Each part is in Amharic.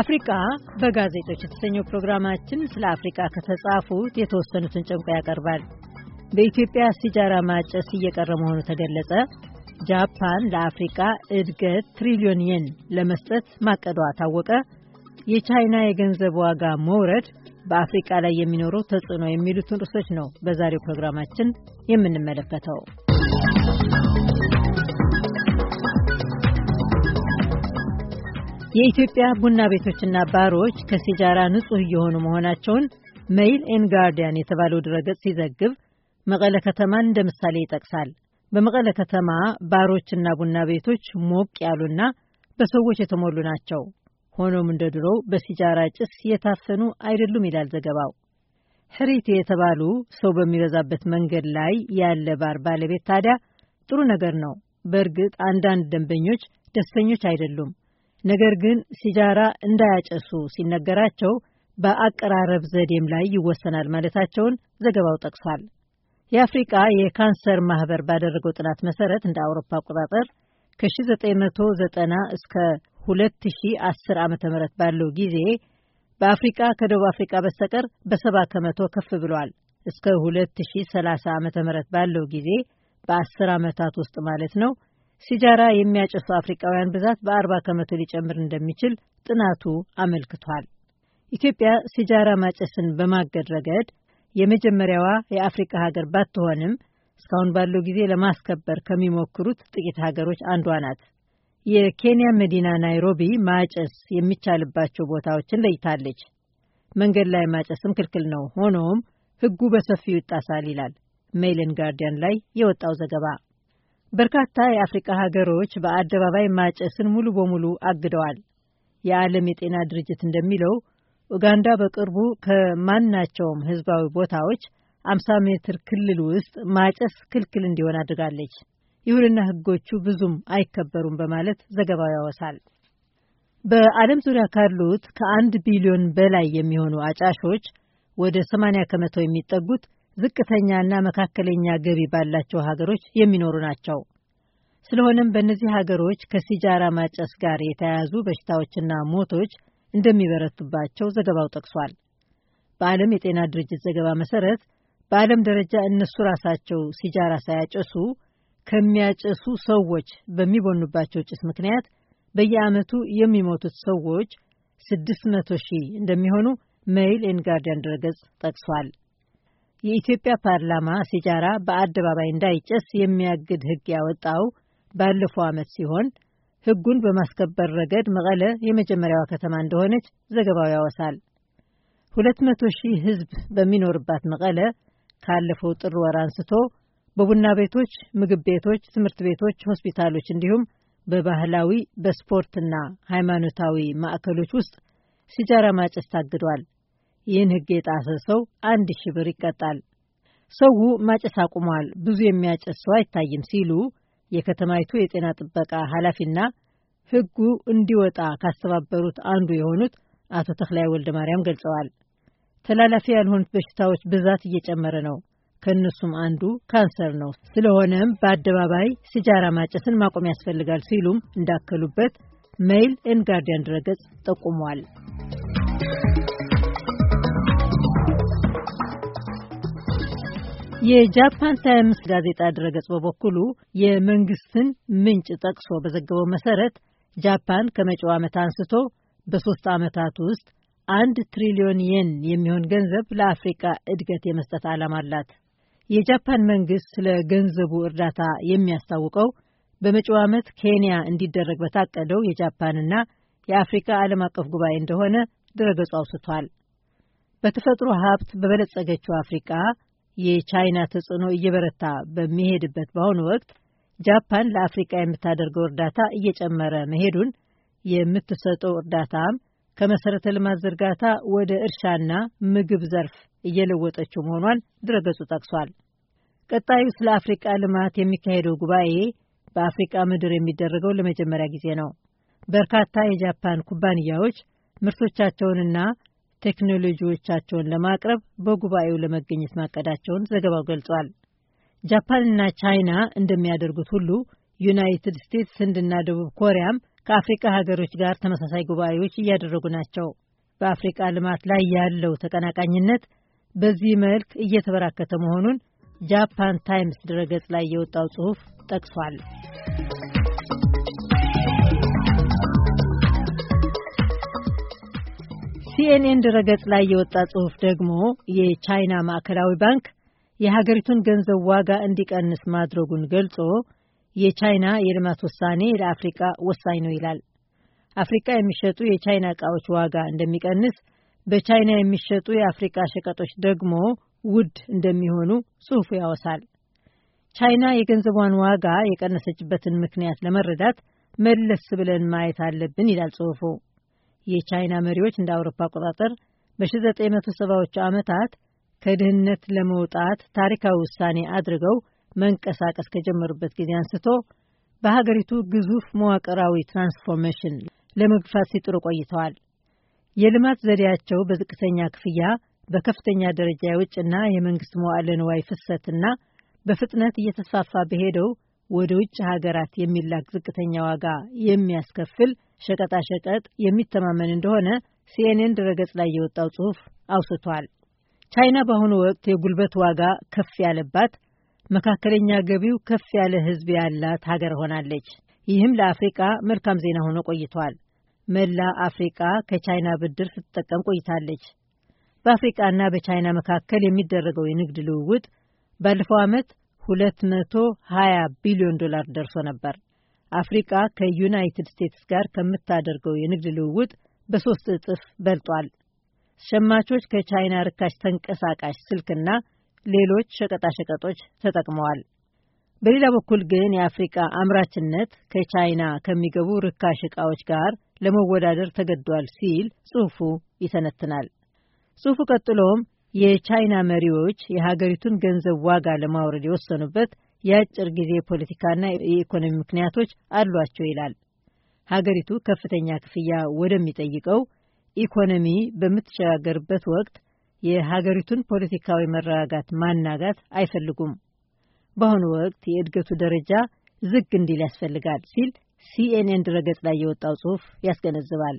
አፍሪቃ በጋዜጦች የተሰኘው ፕሮግራማችን ስለ አፍሪቃ ከተጻፉት የተወሰኑትን ጨምቆ ያቀርባል። በኢትዮጵያ ሲጃራ ማጨስ እየቀረ መሆኑ ተገለጸ፣ ጃፓን ለአፍሪቃ እድገት ትሪሊዮን የን ለመስጠት ማቀዷ ታወቀ፣ የቻይና የገንዘብ ዋጋ መውረድ በአፍሪቃ ላይ የሚኖረው ተጽዕኖ የሚሉትን ርዕሶች ነው በዛሬው ፕሮግራማችን የምንመለከተው። የኢትዮጵያ ቡና ቤቶችና ባሮች ከሲጃራ ንጹህ እየሆኑ መሆናቸውን ሜይል ኤን ጋርዲያን የተባለው ድረገጽ ሲዘግብ መቀለ ከተማን እንደ ምሳሌ ይጠቅሳል። በመቀለ ከተማ ባሮችና ቡና ቤቶች ሞቅ ያሉና በሰዎች የተሞሉ ናቸው። ሆኖም እንደ ድሮው በሲጃራ ጭስ የታፈኑ አይደሉም ይላል ዘገባው። ሕሪት የተባሉ ሰው በሚበዛበት መንገድ ላይ ያለ ባር ባለቤት ታዲያ ጥሩ ነገር ነው። በእርግጥ አንዳንድ ደንበኞች ደስተኞች አይደሉም። ነገር ግን ሲጃራ እንዳያጨሱ ሲነገራቸው በአቀራረብ ዘዴም ላይ ይወሰናል ማለታቸውን ዘገባው ጠቅሷል። የአፍሪቃ የካንሰር ማህበር ባደረገው ጥናት መሰረት እንደ አውሮፓ አቆጣጠር ከ1990 እስከ 2010 ም ባለው ጊዜ በአፍሪቃ ከደቡብ አፍሪቃ በስተቀር በሰባ ከመቶ ከፍ ብሏል። እስከ 2030 ዓ ም ባለው ጊዜ በ ዓመታት ውስጥ ማለት ነው። ሲጃራ የሚያጨሱ አፍሪቃውያን ብዛት በአርባ ከመቶ ሊጨምር እንደሚችል ጥናቱ አመልክቷል። ኢትዮጵያ ሲጃራ ማጨስን በማገድ ረገድ የመጀመሪያዋ የአፍሪቃ ሀገር ባትሆንም እስካሁን ባለው ጊዜ ለማስከበር ከሚሞክሩት ጥቂት ሀገሮች አንዷ ናት። የኬንያ መዲና ናይሮቢ ማጨስ የሚቻልባቸው ቦታዎችን ለይታለች። መንገድ ላይ ማጨስም ክልክል ነው፣ ሆኖም ሕጉ በሰፊው ይጣሳል ይላል ሜይልን ጋርዲያን ላይ የወጣው ዘገባ። በርካታ የአፍሪቃ ሀገሮች በአደባባይ ማጨስን ሙሉ በሙሉ አግደዋል። የዓለም የጤና ድርጅት እንደሚለው ኡጋንዳ በቅርቡ ከማናቸውም ህዝባዊ ቦታዎች 50 ሜትር ክልል ውስጥ ማጨስ ክልክል እንዲሆን አድርጋለች። ይሁንና ህጎቹ ብዙም አይከበሩም በማለት ዘገባው ያወሳል። በዓለም ዙሪያ ካሉት ከአንድ ቢሊዮን በላይ የሚሆኑ አጫሾች ወደ 80 ከመቶ የሚጠጉት ዝቅተኛና መካከለኛ ገቢ ባላቸው ሀገሮች የሚኖሩ ናቸው። ስለሆነም በእነዚህ ሀገሮች ከሲጃራ ማጨስ ጋር የተያያዙ በሽታዎችና ሞቶች እንደሚበረቱባቸው ዘገባው ጠቅሷል። በዓለም የጤና ድርጅት ዘገባ መሰረት በዓለም ደረጃ እነሱ ራሳቸው ሲጃራ ሳያጨሱ ከሚያጨሱ ሰዎች በሚቦኑባቸው ጭስ ምክንያት በየዓመቱ የሚሞቱት ሰዎች 600 ሺህ እንደሚሆኑ ሜይል ኤን ጋርዲያን ድረገጽ ጠቅሷል። የኢትዮጵያ ፓርላማ ሲጃራ በአደባባይ እንዳይጨስ የሚያግድ ሕግ ያወጣው ባለፈው ዓመት ሲሆን ሕጉን በማስከበር ረገድ መቀለ የመጀመሪያዋ ከተማ እንደሆነች ዘገባው ያወሳል። 200 ሺህ ሕዝብ በሚኖርባት መቀለ ካለፈው ጥር ወር አንስቶ በቡና ቤቶች፣ ምግብ ቤቶች፣ ትምህርት ቤቶች፣ ሆስፒታሎች እንዲሁም በባህላዊ በስፖርትና ሃይማኖታዊ ማዕከሎች ውስጥ ሲጃራ ማጨስ ታግዷል። ይህን ሕግ የጣሰ ሰው አንድ ሺህ ብር ይቀጣል። ሰው ማጨስ አቁሟል፣ ብዙ የሚያጨስ ሰው አይታይም ሲሉ የከተማይቱ የጤና ጥበቃ ኃላፊና ሕጉ እንዲወጣ ካስተባበሩት አንዱ የሆኑት አቶ ተክላይ ወልደ ማርያም ገልጸዋል። ተላላፊ ያልሆኑት በሽታዎች ብዛት እየጨመረ ነው። ከእነሱም አንዱ ካንሰር ነው። ስለሆነም በአደባባይ ሲጃራ ማጨስን ማቆም ያስፈልጋል ሲሉም እንዳከሉበት ሜይል ኤን ጋርዲያን ድረገጽ ጠቁሟል። የጃፓን ታይምስ ጋዜጣ ድረገጽ በበኩሉ የመንግስትን ምንጭ ጠቅሶ በዘገበው መሰረት ጃፓን ከመጪው ዓመት አንስቶ በሶስት ዓመታት ውስጥ አንድ ትሪሊዮን የን የሚሆን ገንዘብ ለአፍሪካ እድገት የመስጠት ዓላማ አላት። የጃፓን መንግስት ስለ ገንዘቡ እርዳታ የሚያስታውቀው በመጪው ዓመት ኬንያ እንዲደረግ በታቀደው የጃፓንና የአፍሪካ ዓለም አቀፍ ጉባኤ እንደሆነ ድረገጹ አውስቷል። በተፈጥሮ ሀብት በበለጸገችው አፍሪቃ የቻይና ተጽዕኖ እየበረታ በሚሄድበት በአሁኑ ወቅት ጃፓን ለአፍሪቃ የምታደርገው እርዳታ እየጨመረ መሄዱን፣ የምትሰጠው እርዳታም ከመሰረተ ልማት ዝርጋታ ወደ እርሻና ምግብ ዘርፍ እየለወጠችው መሆኗን ድረገጹ ጠቅሷል። ቀጣዩ ስለ አፍሪቃ ልማት የሚካሄደው ጉባኤ በአፍሪቃ ምድር የሚደረገው ለመጀመሪያ ጊዜ ነው። በርካታ የጃፓን ኩባንያዎች ምርቶቻቸውንና ቴክኖሎጂዎቻቸውን ለማቅረብ በጉባኤው ለመገኘት ማቀዳቸውን ዘገባው ገልጿል። ጃፓንና ቻይና እንደሚያደርጉት ሁሉ ዩናይትድ ስቴትስ፣ ህንድና ደቡብ ኮሪያም ከአፍሪቃ ሀገሮች ጋር ተመሳሳይ ጉባኤዎች እያደረጉ ናቸው። በአፍሪቃ ልማት ላይ ያለው ተቀናቃኝነት በዚህ መልክ እየተበራከተ መሆኑን ጃፓን ታይምስ ድረገጽ ላይ የወጣው ጽሑፍ ጠቅሷል። ሲኤንኤን ድረገጽ ላይ የወጣ ጽሑፍ ደግሞ የቻይና ማዕከላዊ ባንክ የሀገሪቱን ገንዘብ ዋጋ እንዲቀንስ ማድረጉን ገልጾ የቻይና የልማት ውሳኔ ለአፍሪቃ ወሳኝ ነው ይላል። አፍሪቃ የሚሸጡ የቻይና እቃዎች ዋጋ እንደሚቀንስ፣ በቻይና የሚሸጡ የአፍሪቃ ሸቀጦች ደግሞ ውድ እንደሚሆኑ ጽሑፉ ያወሳል። ቻይና የገንዘቧን ዋጋ የቀነሰችበትን ምክንያት ለመረዳት መለስ ብለን ማየት አለብን ይላል ጽሑፉ። የቻይና መሪዎች እንደ አውሮፓ አቆጣጠር በ1970ዎቹ ዓመታት ከድህነት ለመውጣት ታሪካዊ ውሳኔ አድርገው መንቀሳቀስ ከጀመሩበት ጊዜ አንስቶ በሀገሪቱ ግዙፍ መዋቅራዊ ትራንስፎርሜሽን ለመግፋት ሲጥሩ ቆይተዋል። የልማት ዘዴያቸው በዝቅተኛ ክፍያ በከፍተኛ ደረጃ የውጭና የመንግስት መዋዕለ ንዋይ ፍሰትና በፍጥነት እየተስፋፋ በሄደው ወደ ውጭ ሀገራት የሚላክ ዝቅተኛ ዋጋ የሚያስከፍል ሸቀጣሸቀጥ የሚተማመን እንደሆነ ሲኤንኤን ድረገጽ ላይ የወጣው ጽሑፍ አውስቷል። ቻይና በአሁኑ ወቅት የጉልበት ዋጋ ከፍ ያለባት፣ መካከለኛ ገቢው ከፍ ያለ ህዝብ ያላት ሀገር ሆናለች። ይህም ለአፍሪቃ መልካም ዜና ሆኖ ቆይቷል። መላ አፍሪቃ ከቻይና ብድር ስትጠቀም ቆይታለች። በአፍሪቃና በቻይና መካከል የሚደረገው የንግድ ልውውጥ ባለፈው ዓመት 220 ቢሊዮን ዶላር ደርሶ ነበር። አፍሪቃ ከዩናይትድ ስቴትስ ጋር ከምታደርገው የንግድ ልውውጥ በሶስት እጥፍ በልጧል። ሸማቾች ከቻይና ርካሽ ተንቀሳቃሽ ስልክና ሌሎች ሸቀጣሸቀጦች ተጠቅመዋል። በሌላ በኩል ግን የአፍሪቃ አምራችነት ከቻይና ከሚገቡ ርካሽ ዕቃዎች ጋር ለመወዳደር ተገዷል ሲል ጽሑፉ ይተነትናል። ጽሑፉ ቀጥሎም የቻይና መሪዎች የሀገሪቱን ገንዘብ ዋጋ ለማውረድ የወሰኑበት የአጭር ጊዜ የፖለቲካና የኢኮኖሚ ምክንያቶች አሏቸው ይላል። ሀገሪቱ ከፍተኛ ክፍያ ወደሚጠይቀው ኢኮኖሚ በምትሸጋገርበት ወቅት የሀገሪቱን ፖለቲካዊ መረጋጋት ማናጋት አይፈልጉም። በአሁኑ ወቅት የእድገቱ ደረጃ ዝግ እንዲል ያስፈልጋል ሲል ሲኤንኤን ድረገጽ ላይ የወጣው ጽሑፍ ያስገነዝባል።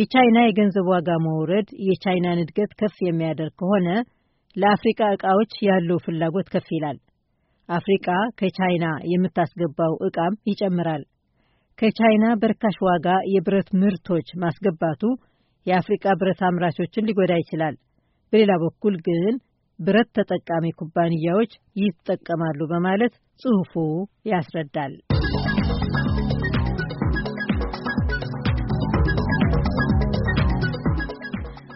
የቻይና የገንዘብ ዋጋ መውረድ የቻይናን እድገት ከፍ የሚያደርግ ከሆነ ለአፍሪቃ እቃዎች ያለው ፍላጎት ከፍ ይላል። አፍሪቃ ከቻይና የምታስገባው እቃም ይጨምራል። ከቻይና በርካሽ ዋጋ የብረት ምርቶች ማስገባቱ የአፍሪቃ ብረት አምራቾችን ሊጎዳ ይችላል። በሌላ በኩል ግን ብረት ተጠቃሚ ኩባንያዎች ይጠቀማሉ በማለት ጽሑፉ ያስረዳል።